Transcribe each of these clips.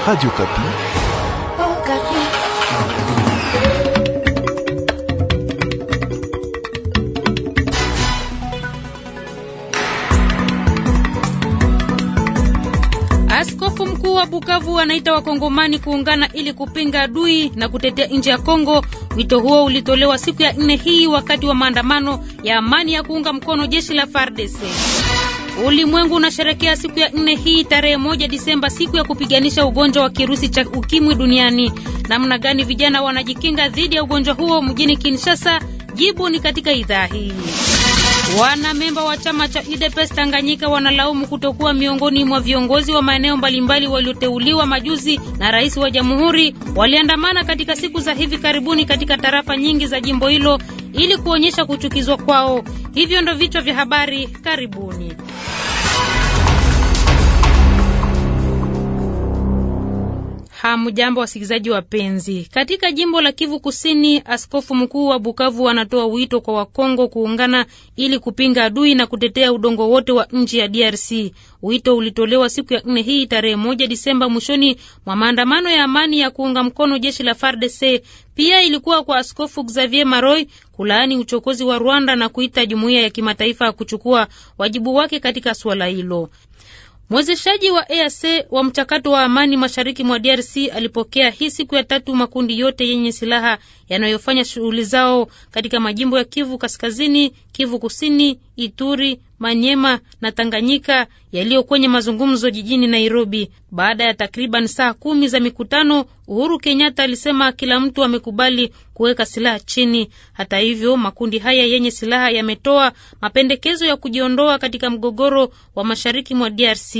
Radio Kapi. Oh, Kapi. Askofu mkuu wa Bukavu anaita wakongomani kuungana ili kupinga adui na kutetea nchi ya Kongo. Wito huo ulitolewa siku ya nne hii wakati wa maandamano ya amani ya kuunga mkono jeshi la FARDC. Ulimwengu unasherekea siku ya nne hii tarehe moja Disemba, siku ya kupiganisha ugonjwa wa kirusi cha ukimwi duniani. Namna gani vijana wanajikinga dhidi ya ugonjwa huo mjini Kinshasa? Jibu ni katika idhaa hii. Wanamemba wa chama cha UDPS Tanganyika wanalaumu kutokuwa miongoni mwa viongozi wa maeneo mbalimbali walioteuliwa majuzi na rais wa jamhuri. Waliandamana katika siku za hivi karibuni katika tarafa nyingi za jimbo hilo ili kuonyesha kuchukizwa kwao. Hivyo ndo vichwa vya habari. Karibuni. Hamjambo, wasikilizaji wapenzi. Katika jimbo la Kivu Kusini, askofu mkuu wa Bukavu anatoa wito kwa Wakongo kuungana ili kupinga adui na kutetea udongo wote wa nchi ya DRC. Wito ulitolewa siku ya nne hii tarehe moja Disemba mwishoni mwa maandamano ya amani ya kuunga mkono jeshi la FARDC. Pia ilikuwa kwa askofu Xavier Maroy kulaani uchokozi wa Rwanda na kuita jumuiya ya kimataifa kuchukua wajibu wake katika suala hilo. Mwezeshaji wa EAC wa mchakato wa amani mashariki mwa DRC alipokea hii siku ya tatu makundi yote yenye silaha yanayofanya shughuli zao katika majimbo ya Kivu Kaskazini, Kivu Kusini, Ituri, Manyema na Tanganyika yaliyo kwenye mazungumzo jijini Nairobi. Baada ya takriban saa kumi za mikutano, Uhuru Kenyatta alisema kila mtu amekubali kuweka silaha chini. Hata hivyo, makundi haya yenye silaha yametoa mapendekezo ya kujiondoa katika mgogoro wa mashariki mwa DRC.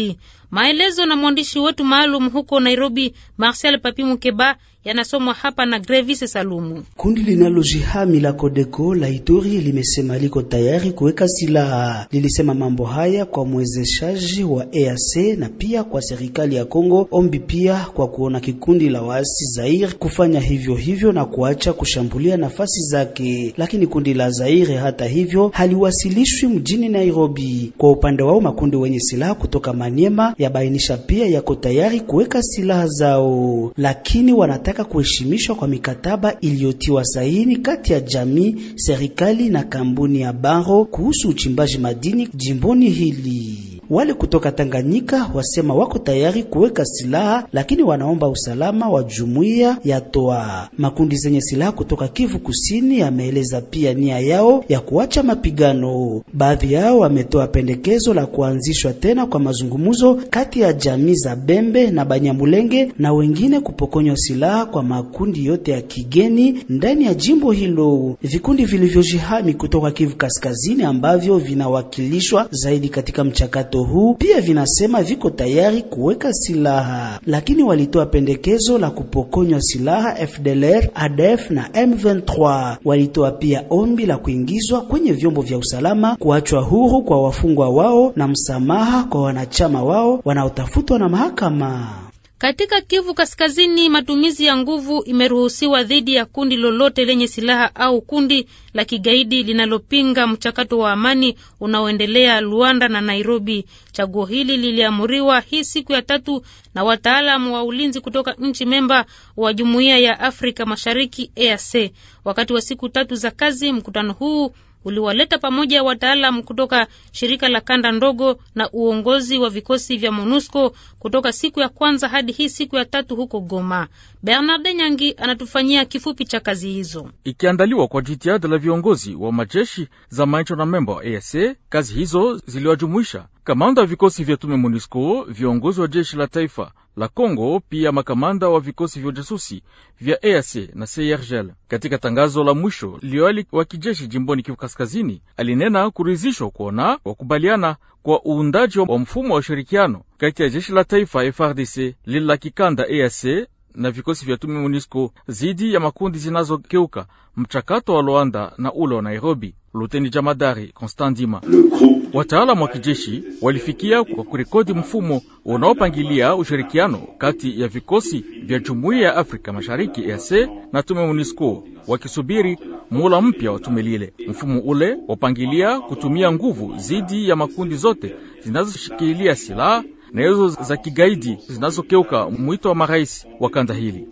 Maelezo na mwandishi wetu maalum huko Nairobi, Marcel Papi Mukeba. Yanasomwa hapa na Grevis Salumu. Kundi linalojihami la Kodeko la Ituri limesema liko tayari kuweka silaha. Lilisema mambo haya kwa mwezeshaji wa EAC na pia kwa serikali ya Kongo, ombi pia kwa kuona kikundi la waasi Zaire kufanya hivyo hivyo na kuacha kushambulia nafasi zake. Lakini kundi la Zaire hata hivyo haliwasilishwi mjini Nairobi. Kwa upande wao, makundi wenye silaha kutoka Maniema yabainisha pia yako tayari kuweka silaha zao, lakini wanataka kuheshimishwa kwa mikataba iliyotiwa saini kati ya jamii, serikali na kampuni ya Baro kuhusu uchimbaji madini jimboni hili. Wale kutoka Tanganyika wasema wako tayari kuweka silaha, lakini wanaomba usalama wa jumuiya ya toa. Makundi zenye silaha kutoka Kivu Kusini yameeleza pia nia yao ya kuacha mapigano. Baadhi yao wametoa pendekezo la kuanzishwa tena kwa mazungumzo kati ya jamii za Bembe na Banyamulenge na wengine kupokonywa silaha kwa makundi yote ya kigeni ndani ya jimbo hilo. Vikundi vilivyojihami kutoka Kivu Kaskazini ambavyo vinawakilishwa zaidi katika mchakato moto huu pia vinasema viko tayari kuweka silaha, lakini walitoa pendekezo la kupokonywa silaha FDLR, ADF na M23. Walitoa pia ombi la kuingizwa kwenye vyombo vya usalama, kuachwa huru kwa wafungwa wao na msamaha kwa wanachama wao wanaotafutwa na mahakama. Katika Kivu Kaskazini, matumizi ya nguvu imeruhusiwa dhidi ya kundi lolote lenye silaha au kundi la kigaidi linalopinga mchakato wa amani unaoendelea Luanda na Nairobi. Chaguo hili liliamuriwa hii siku ya tatu na wataalamu wa ulinzi kutoka nchi memba wa Jumuiya ya Afrika Mashariki EAC. E. Wakati wa siku tatu za kazi, mkutano huu uliwaleta pamoja wataalam kutoka shirika la kanda ndogo na uongozi wa vikosi vya MONUSCO kutoka siku ya kwanza hadi hii siku ya tatu huko Goma. Bernard Nyangi anatufanyia kifupi cha kazi hizo, ikiandaliwa kwa jitihada la viongozi wa majeshi za maicho na memba wa EAC. Kazi hizo ziliwajumuisha kamanda wa vikosi vya tume MONUSCO, viongozi wa jeshi la taifa la Congo, pia makamanda wa vikosi vya ujasusi vya EAC na CIRGL. Katika tangazo la mwisho, liwali wa kijeshi jimboni Kivu Kaskazini alinena kurizishwa kuona wakubaliana kwa uundaji wa mfumo wa ushirikiano kati ya jeshi la taifa FRDC lile kikanda EAC na vikosi vya tume MONUSCO zidi ya makundi zinazokeuka mchakato wa Luanda na ule wa Nairobi. Luteni jamadari Constant dima wataalamu wa kijeshi walifikia kwa kurekodi mfumo unaopangilia ushirikiano kati ya vikosi vya jumuiya ya Afrika Mashariki EAC na tume MONUSCO, wakisubiri muula mpya wa tume lile. Mfumo ule wapangilia kutumia nguvu zidi ya makundi zote zinazoshikilia silaha na hizo za kigaidi zinazokeuka mwito wa marais wa kanda hili.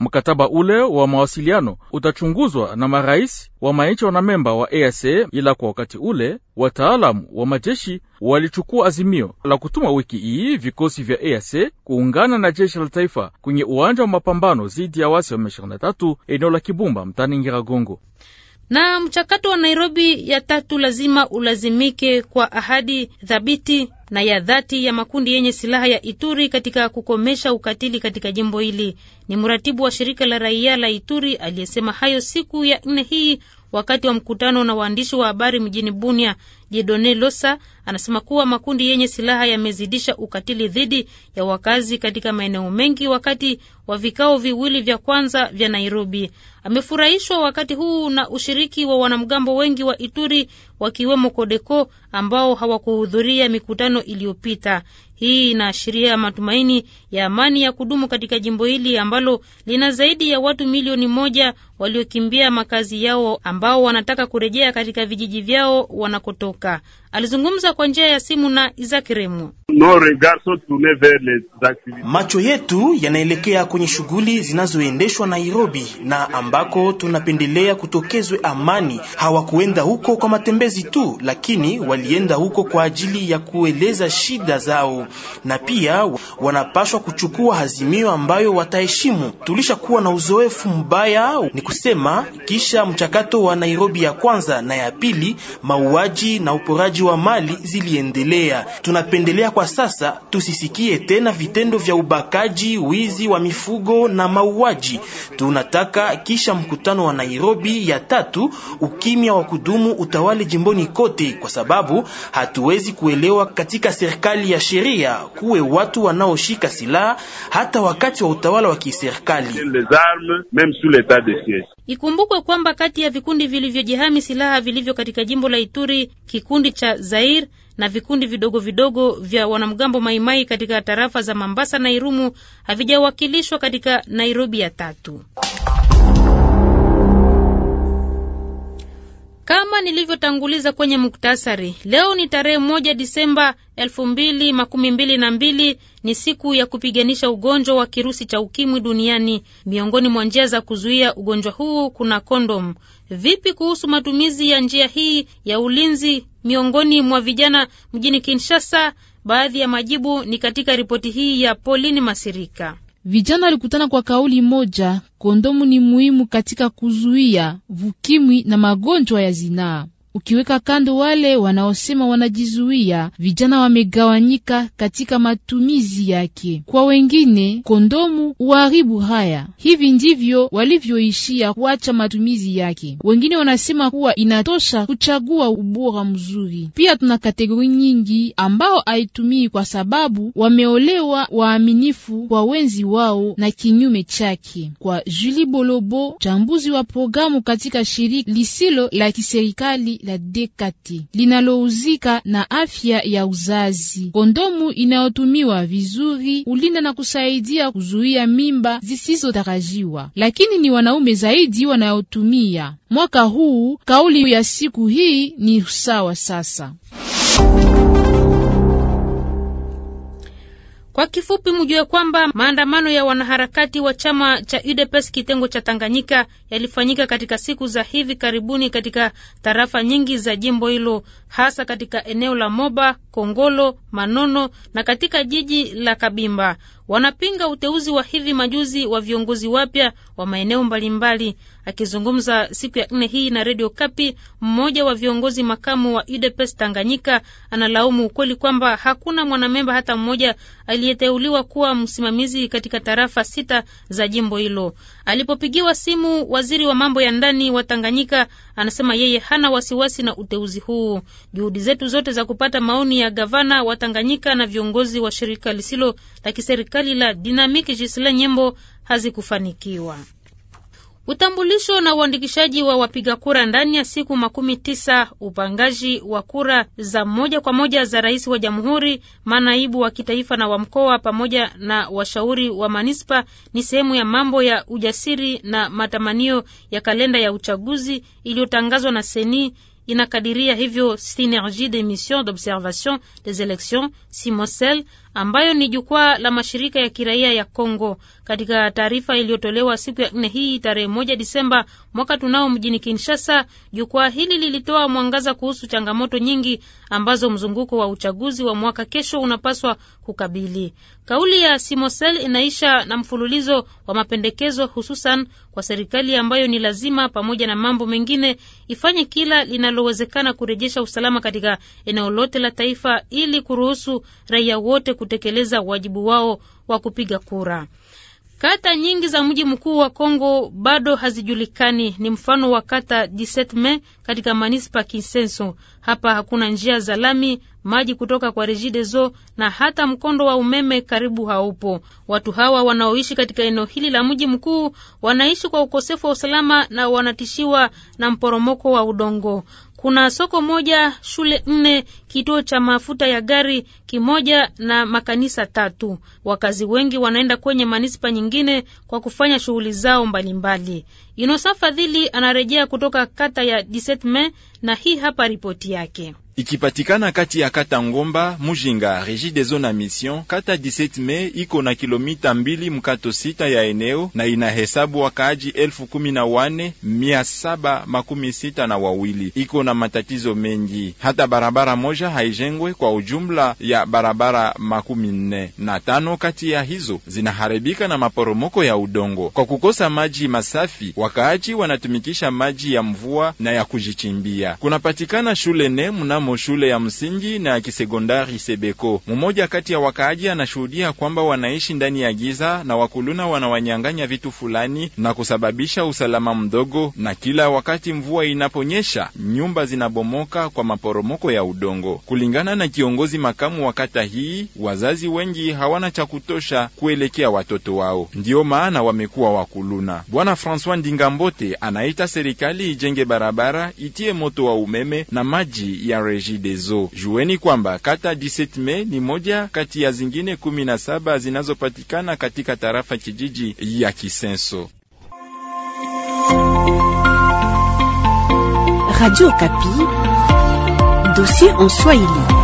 Mkataba ule wa mawasiliano utachunguzwa na marais wa na memba wa EAC, ila kwa wakati ule wataalamu wa majeshi walichukua azimio la kutuma wiki hii vikosi vya EAC kuungana na jeshi la taifa kwenye uwanja wa mapambano dhidi ya wasi wa M23 eneo la Kibumba mtani Ngiragongo na mchakato wa Nairobi ya tatu lazima ulazimike kwa ahadi thabiti na ya dhati ya makundi yenye silaha ya Ituri katika kukomesha ukatili katika jimbo hili. Ni mratibu wa shirika la raia la Ituri aliyesema hayo siku ya nne hii wakati wa mkutano na waandishi wa habari mjini Bunia. Jedone Losa anasema kuwa makundi yenye silaha yamezidisha ukatili dhidi ya wakazi katika maeneo mengi wakati wa vikao viwili vya kwanza vya Nairobi. Amefurahishwa wakati huu na ushiriki wa wanamgambo wengi wa Ituri wakiwemo Kodeko ambao hawakuhudhuria mikutano iliyopita. Hii inaashiria matumaini ya amani ya kudumu katika jimbo hili ambalo lina zaidi ya watu milioni moja waliokimbia makazi yao ambao wanataka kurejea katika vijiji vyao wanakotoka. Alizungumza kwa njia ya simu na Izakiremu. Macho yetu yanaelekea kwenye shughuli zinazoendeshwa Nairobi na ambako tunapendelea kutokezwe amani. Hawakuenda huko kwa matembezi tu, lakini walienda huko kwa ajili ya kueleza shida zao, na pia wanapaswa kuchukua hazimio ambayo wataheshimu. Tulishakuwa na uzoefu mbaya ni kusema kisha mchakato wa Nairobi ya kwanza na ya pili, mauaji na uporaji wa mali ziliendelea. Tunapendelea kwa sasa tusisikie tena vitendo vya ubakaji, wizi wa mifugo na mauaji. Tunataka kisha mkutano wa Nairobi ya tatu, ukimya wa kudumu utawale jimboni kote, kwa sababu hatuwezi kuelewa katika serikali ya sheria kuwe watu wanaoshika silaha hata wakati wa utawala wa kiserikali. Ikumbukwe kwamba kati ya vikundi vilivyojihami silaha vilivyo katika jimbo la Ituri, kikundi cha Zair na vikundi vidogo vidogo vya wanamgambo Maimai katika tarafa za Mambasa na Irumu havijawakilishwa katika Nairobi ya tatu. Kama nilivyotanguliza kwenye muktasari, leo ni tarehe moja Disemba elfu mbili makumi mbili na mbili. Ni siku ya kupiganisha ugonjwa wa kirusi cha ukimwi duniani. Miongoni mwa njia za kuzuia ugonjwa huu kuna kondom. Vipi kuhusu matumizi ya njia hii ya ulinzi miongoni mwa vijana mjini Kinshasa? Baadhi ya majibu ni katika ripoti hii ya Pauline Masirika. Vijana walikutana kwa kauli moja, kondomu ni muhimu katika kuzuia vukimwi na magonjwa ya zinaa ukiweka kando wale wanaosema wanajizuia, vijana wamegawanyika katika matumizi yake. Kwa wengine kondomu uharibu haya, hivi ndivyo walivyoishia kuacha matumizi yake. Wengine wanasema kuwa inatosha kuchagua ubora mzuri. Pia tuna kategori nyingi ambao aitumii kwa sababu wameolewa waaminifu kwa wenzi wao na kinyume chake. Kwa Julie Bolobo, chambuzi wa programu katika shirika lisilo la kiserikali la dekati linalouzika na afya ya uzazi. Kondomu inayotumiwa vizuri ulinda na kusaidia kuzuia mimba zisizotarajiwa, lakini ni wanaume zaidi wanayotumia. Mwaka huu kauli ya siku hii ni sawa sasa kwa kifupi, mjue kwamba maandamano ya wanaharakati wa chama cha UDPS kitengo cha Tanganyika yalifanyika katika siku za hivi karibuni katika tarafa nyingi za jimbo hilo, hasa katika eneo la Moba, Kongolo, Manono na katika jiji la Kabimba wanapinga uteuzi wa hivi majuzi wa viongozi wapya wa maeneo mbalimbali. Akizungumza siku ya nne hii na redio Kapi, mmoja wa viongozi makamu wa UDPS Tanganyika analaumu ukweli kwamba hakuna mwanamemba hata mmoja aliyeteuliwa kuwa msimamizi katika tarafa sita za jimbo hilo. Alipopigiwa simu, waziri wa mambo ya ndani wa Tanganyika anasema yeye hana wasiwasi na uteuzi huu. Juhudi zetu zote za kupata maoni ya gavana wa Tanganyika na viongozi wa shirika lisilo la kiserikali serikali la Dinamiki Jisle Nyembo hazikufanikiwa. Utambulisho na uandikishaji wa wapiga kura ndani ya siku makumi tisa, upangaji wa kura za moja kwa moja za rais wa jamhuri, manaibu wa kitaifa na wa mkoa, pamoja na washauri wa manispa ni sehemu ya mambo ya ujasiri na matamanio ya kalenda ya uchaguzi iliyotangazwa na Seni inakadiria hivyo Synergie de d'Observation des Elections Simosel ambayo ni jukwaa la mashirika ya kiraia ya Kongo. Katika taarifa iliyotolewa siku ya nne hii tarehe moja Disemba mwaka tunao mjini Kinshasa, jukwaa hili lilitoa mwangaza kuhusu changamoto nyingi ambazo mzunguko wa uchaguzi wa mwaka kesho unapaswa kukabili. Kauli ya Simosel inaisha na mfululizo wa mapendekezo, hususan kwa serikali ambayo ni lazima, pamoja na mambo mengine, ifanye kila linalowezekana kurejesha usalama katika eneo lote la taifa ili kuruhusu raia wote kutekeleza wajibu wao wa kupiga kura. Kata nyingi za mji mkuu wa Kongo bado hazijulikani. Ni mfano wa kata Disetme katika manispa Kinsenso. Hapa hakuna njia za lami, maji kutoka kwa Regideso na hata mkondo wa umeme karibu haupo. Watu hawa wanaoishi katika eneo hili la mji mkuu wanaishi kwa ukosefu wa usalama na wanatishiwa na mporomoko wa udongo. Kuna soko moja, shule nne, kituo cha mafuta ya gari kimoja na makanisa tatu. Wakazi wengi wanaenda kwenye manispa nyingine kwa kufanya shughuli zao mbalimbali. Inosa Fadhili anarejea kutoka kata ya Disetme na hii hapa ripoti yake ikipatikana kati ya kata Ngomba Mujinga Regideso na Mission. Kata 17 me iko na kilomita mbili mkato sita ya eneo na inahesabu wakaaji elfu kumi na wawili. Iko na matatizo mengi, hata barabara moja haijengwe kwa ujumla ya barabara makumi nne na tano kati ya hizo zinaharibika na maporomoko ya udongo kwa kukosa maji masafi. Wakaaji wanatumikisha maji ya mvua na ya kujichimbia. Kunapatikana shule ne mna ikiwemo shule ya msingi na kisekondari Sebeko. Mmoja kati ya wakaaji anashuhudia kwamba wanaishi ndani ya giza na wakuluna wanawanyang'anya vitu fulani na kusababisha usalama mdogo, na kila wakati mvua inaponyesha nyumba zinabomoka kwa maporomoko ya udongo. Kulingana na kiongozi makamu wa kata hii, wazazi wengi hawana cha kutosha kuelekea watoto wao, ndiyo maana wamekuwa wakuluna. Bwana Francois Ndingambote anaita serikali ijenge barabara, itie moto wa umeme na maji ya Regideso. Jueni kwamba kata 17 me ni moja kati ya zingine 17 zinazopatikana katika tarafa kijiji ya Kisenso. Radio Kapi, dossier en Swahili.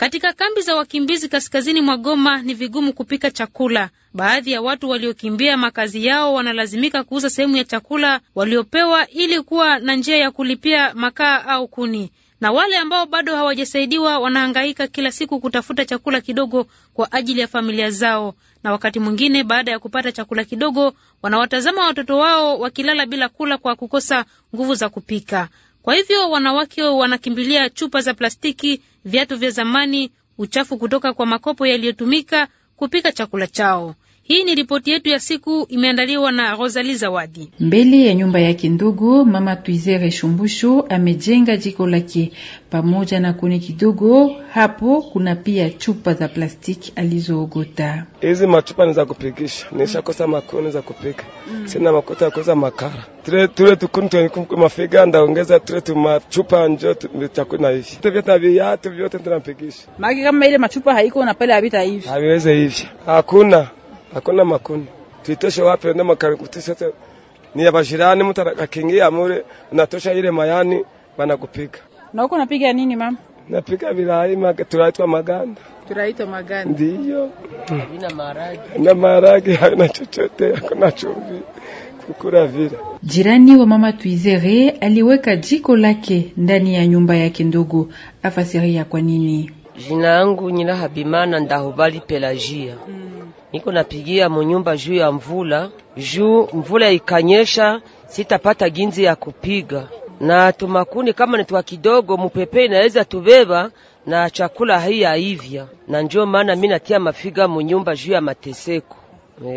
Katika kambi za wakimbizi kaskazini mwa Goma ni vigumu kupika chakula. Baadhi ya watu waliokimbia makazi yao wanalazimika kuuza sehemu ya chakula waliopewa ili kuwa na njia ya kulipia makaa au kuni, na wale ambao bado hawajasaidiwa wanahangaika kila siku kutafuta chakula kidogo kwa ajili ya familia zao, na wakati mwingine, baada ya kupata chakula kidogo, wanawatazama watoto wao wakilala bila kula kwa kukosa nguvu za kupika. Kwa hivyo wanawake wanakimbilia chupa za plastiki, viatu vya zamani, uchafu kutoka kwa makopo yaliyotumika kupika chakula chao. Hii ni ripoti yetu ya siku imeandaliwa na Rosali Zawadi. Mbele ya nyumba yake ndogo, mama Tuizere Shumbushu amejenga jiko lake pamoja na kuni kidogo. Hapo kuna pia chupa za plastiki alizoogota. Hizi machupa ni za kupikisha, nishakosa makuni za kupika, mm. sina makuta ya kuuza makara. Tule tule tukuni mafiga ndaongeza tule tumachupa njo chakuna hivi vyata viatu vyote tunapikisha maki kama ile machupa haiko na pale habita hivi haviweze hivi hakuna hakuna makuni tuitoshe wapi wende makakutisete ni abajirani bajirani, mtu akakingia unatosha ile mayani wanakupiga. Na huko napiga nini mama? Napiga vilai maga, tunaitwa maganda. Tunaitwa maganda. Ndio. Vina maharage. Na maharage haina chochote, hakuna chumvi. Kukura vile. Jirani wa mama Tuizere aliweka jiko lake ndani ya nyumba yake ndogo. Afasiria kwa nini? Jina langu Nyila Habimana Ndahubali Pelagia. Mm niko napigia munyumba juu ya mvula, juu mvula ikanyesha, sitapata ginzi ya kupiga na tumakuni kama ni twa kidogo, mupepe inaweza tubeba na chakula hii hivya, na njoo maana mi natia mafiga munyumba juu ya mateseko.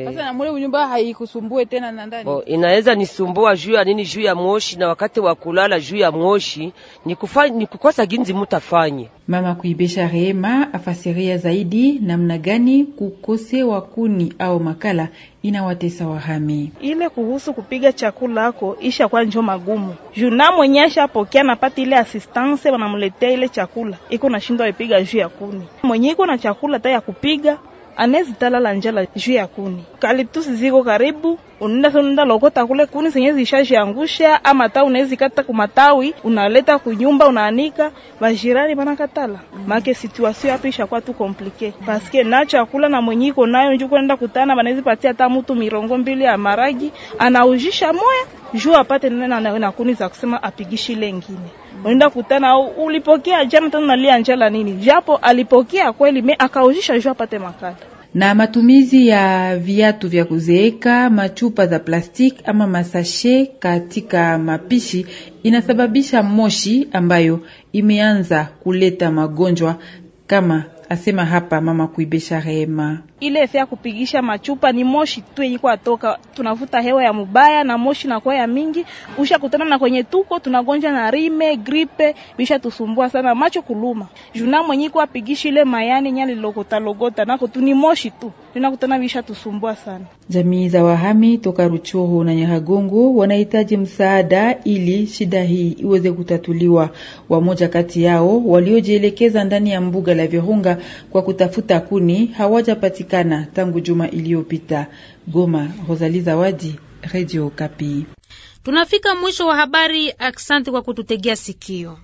Sasa na mule nyumba haikusumbue tena na ndani. Bo, inaweza nisumbua juu ya nini? Juu ya moshi na wakati wa kulala juu ya moshi ni kufanya ni kukosa ginzi mutafanye. Mama kuibesha Rehema afasiria zaidi namna gani kukosewa kuni au makala inawatesa wahami. Ile kuhusu kupiga chakula ako isha kwa njo magumu. Juna mwenye ashapokea napata ile assistance wanamuletea ile chakula. Iko nashindwa ipiga juu ya kuni. Mwenye iko na chakula hata ya kupiga anezi talala njala juu ya kuni kaliptus ziko karibu, unenda sonda lokota kule kuni zenye zishajiangusha, ama ta unaweza kata kumatawi unaleta kunyumba unaanika, majirani katala make situation hapo ishakuwa tu komplike paske na chakula na mwenye iko nayo njuko naenda kutana, banaweza patia hata mtu mirongo mbili ya maragi anaujisha moya juu apate nena na kuni za kusema apigishi ile ngine. Mm. Unaenda kutana au ulipokea jana tena nalia njala nini? Japo alipokea kweli me akaujisha juu apate makala. Na matumizi ya viatu vya kuzeeka, machupa za plastiki ama masashe katika mapishi inasababisha moshi ambayo imeanza kuleta magonjwa kama asema hapa mama kuibesha rehema ile efe ya kupigisha machupa ni moshi tu yenye kwa tunavuta hewa ya mubaya na moshi na kwa ya mingi, usha kutana na kwenye tuko tunagonja na rime gripe, bisha tusumbua sana, macho kuluma juna mwenye kwa ile mayani nyali logota logota nako tu ni moshi tu tunakutana bisha tusumbua sana. Jamii za wahami toka Ruchoho na Nyahagongo wanahitaji msaada ili shida hii iweze kutatuliwa. Wamoja kati yao waliojielekeza ndani ya mbuga la Virunga kwa kutafuta kuni hawajapatikana tangu juma iliyopita. Goma, rosali Zawadi, Radio Kapi. Tunafika mwisho wa habari. Aksanti kwa kututegea sikio.